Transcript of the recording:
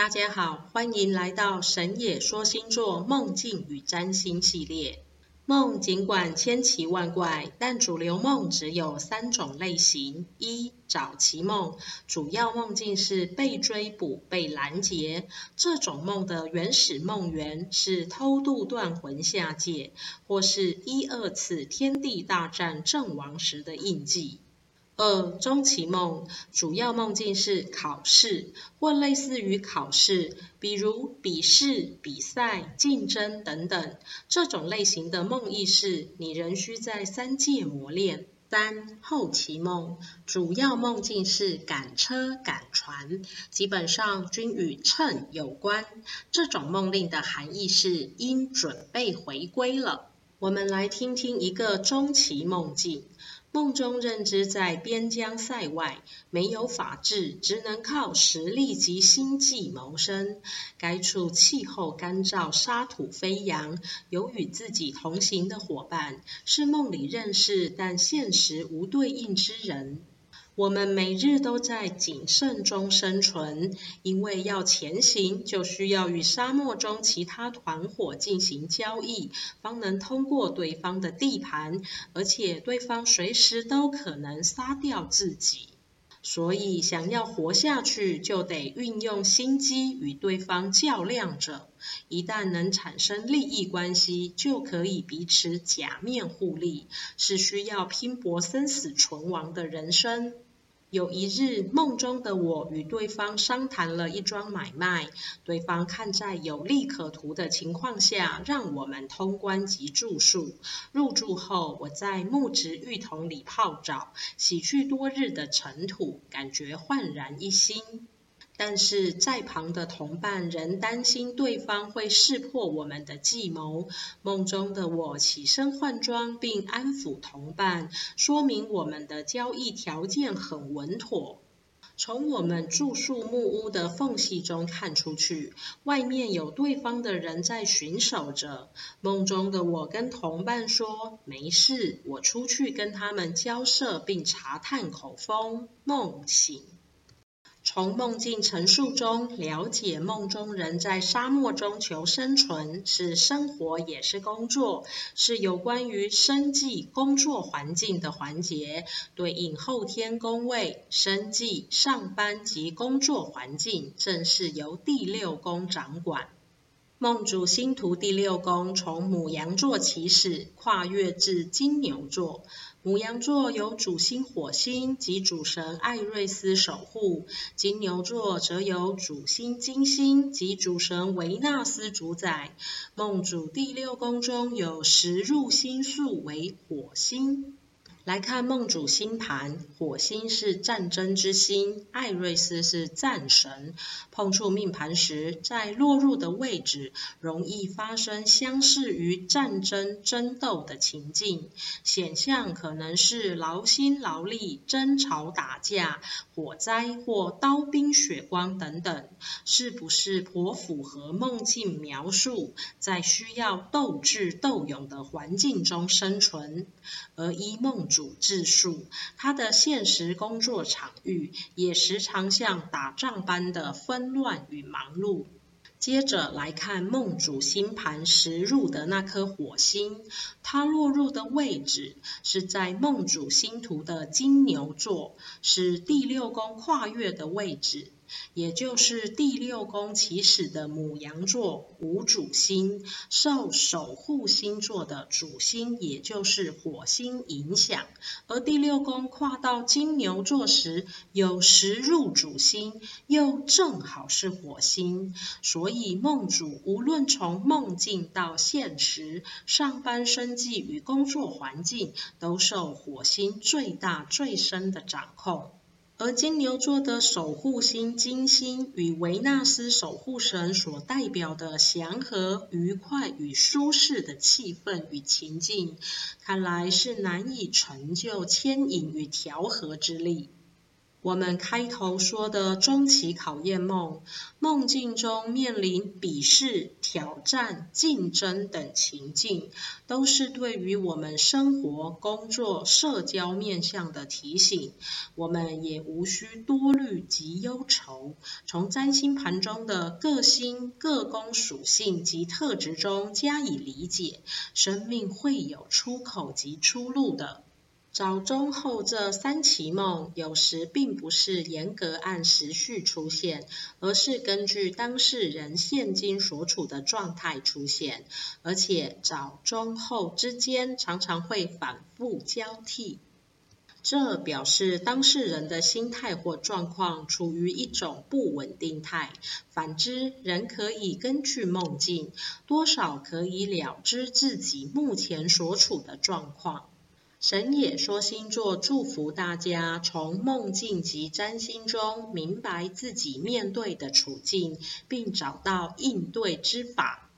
大家好，歡迎來到神野說星座夢境與占星系列。夢儘管千奇萬怪，但主流夢只有三種類型：一、早期夢，主要夢境是被追捕、被攔截，這種夢的原始夢源是偷渡斷魂下界，或是一二次天地大戰陣亡時的印記。二、中期夢，主要夢境是考試或類似於考試，比如筆試、比賽、競爭等等。這種類型的夢意是，你仍需在三界磨練。三、後期夢，主要夢境是趕車、趕船，基本上均與乘有關。這種夢令的含義是，應準備回歸了。我們來聽聽一個中期夢境。夢中認知在邊疆塞外，沒有法治，只能靠實力及心計謀生。該處氣候乾燥，沙土飛揚，有與自己同行的伙伴，是夢裡認識，但現實無對應之人。我們每日都在謹慎中生存，因為要前行，就需要與沙漠中其他團夥進行交易，方能通過對方的地盤，而且對方隨時都可能殺掉自己。所以想要活下去，就得運用心機與對方較量着。一旦能產生利益關係，就可以彼此假面互利，是需要拼搏生死存亡的人生。有一日，夢中的我與對方商談了一樁買賣，對方看在有利可圖的情況下，讓我們通關及住宿。入住後，我在木質浴桶裡泡澡，洗去多日的塵土，感覺煥然一新。但是在旁的同伴仍擔心對方會識破我們的計謀。夢中的我起身換裝，並安撫同伴，說明我們的交易條件很穩妥。從我們住宿木屋的縫隙中看出去，外面有對方的人在巡守着。夢中的我跟同伴說：“沒事，我出去跟他們交涉，並查探口風。”夢醒。從夢境陳述中了解夢中人在沙漠中求生存，是生活也是工作，是有關於生計、工作環境的環節。對應後天宮位，生計、上班及工作環境正是由第六宮掌管。夢主星圖第六宮從牡羊座起始，跨越至金牛座。牡羊座由主星火星及主神艾瑞斯守護，金牛座則由主星金星及主神維納斯主宰。夢主第六宮中有十入星宿為火星。來看夢主星盤，火星是戰爭之星，艾瑞斯是戰神。碰觸命盤時，在落入的位置容易發生相似於戰爭爭鬥的情境，顯象可能是勞心勞力、爭吵打架、火災或刀兵血光等等。是不是頗符合夢境描述？在需要鬥智鬥勇的環境中生存，而依夢主，主質數，他的現實工作場域也時常像打仗般的紛亂與忙碌。接着來看夢主星盤時入的那顆火星，它落入的位置是在夢主星圖的金牛座，是第六宮跨越的位置。也就是第六宮起始的牡羊座無主星，受守護星座的主星，也就是火星影響。而第六宮跨到金牛座時，有時入主星，又正好是火星，所以夢主無論從夢境到現實、上班生計與工作環境，都受火星最大最深的掌控。而金牛座的守護星金星與維納斯守護神所代表的祥和、愉快與舒適的氣氛與情境，看來是難以成就牽引與調和之力。我們開頭說的中期考驗夢，夢境中面臨筆試、挑戰、競爭等情境，都是對於我們生活、工作、社交面向的提醒。我們也無需多慮及憂愁，從占星盤中的各星、各宮屬性及特質中加以理解，生命會有出口及出路的。早、中、後這三期夢，有時並不是嚴格按時序出現，而是根據當事人現今所處的狀態出現，而且早、中、後之間常常會反覆交替。這表示當事人的心態或狀況處於一種不穩定態。反之，人可以根據夢境，多少可以了知自己目前所處的狀況。神野說星座祝福大家從夢境及占星中明白自己面對的處境，並找到應對之法。